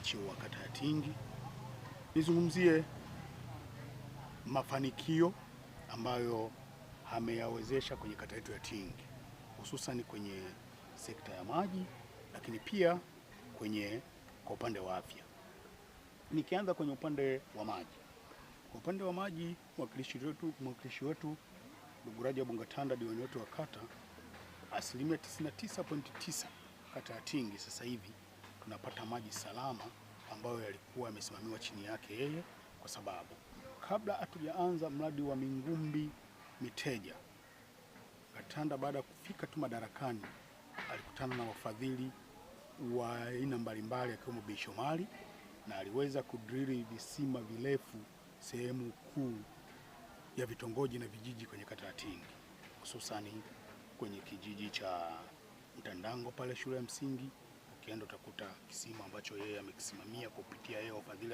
wananchi wa kata ya Tingi, nizungumzie mafanikio ambayo ameyawezesha kwenye kata yetu ya Tingi, hususan kwenye sekta ya maji, lakini pia kwenye kwa upande wa afya. Nikianza kwenye upande wa maji, kwa upande wa maji mwakilishi wetu mwakilishi wetu ndugu Rajabu Ngatanda, diwani wetu wa kata, asilimia 99.9 kata ya Tingi sasa hivi tunapata maji salama ambayo yalikuwa yamesimamiwa chini yake yeye, kwa sababu kabla hatujaanza mradi wa Mingumbi Miteja, Gatanda baada ya kufika tu madarakani alikutana na wafadhili wa aina mbalimbali akiwemo Bei Shomari na aliweza kudrili visima virefu sehemu kuu ya vitongoji na vijiji kwenye kata ya Tingi, hususani kwenye kijiji cha Mtandango pale shule ya msingi ukienda utakuta kisima ambacho yeye amekisimamia kupitia yeye wafadhili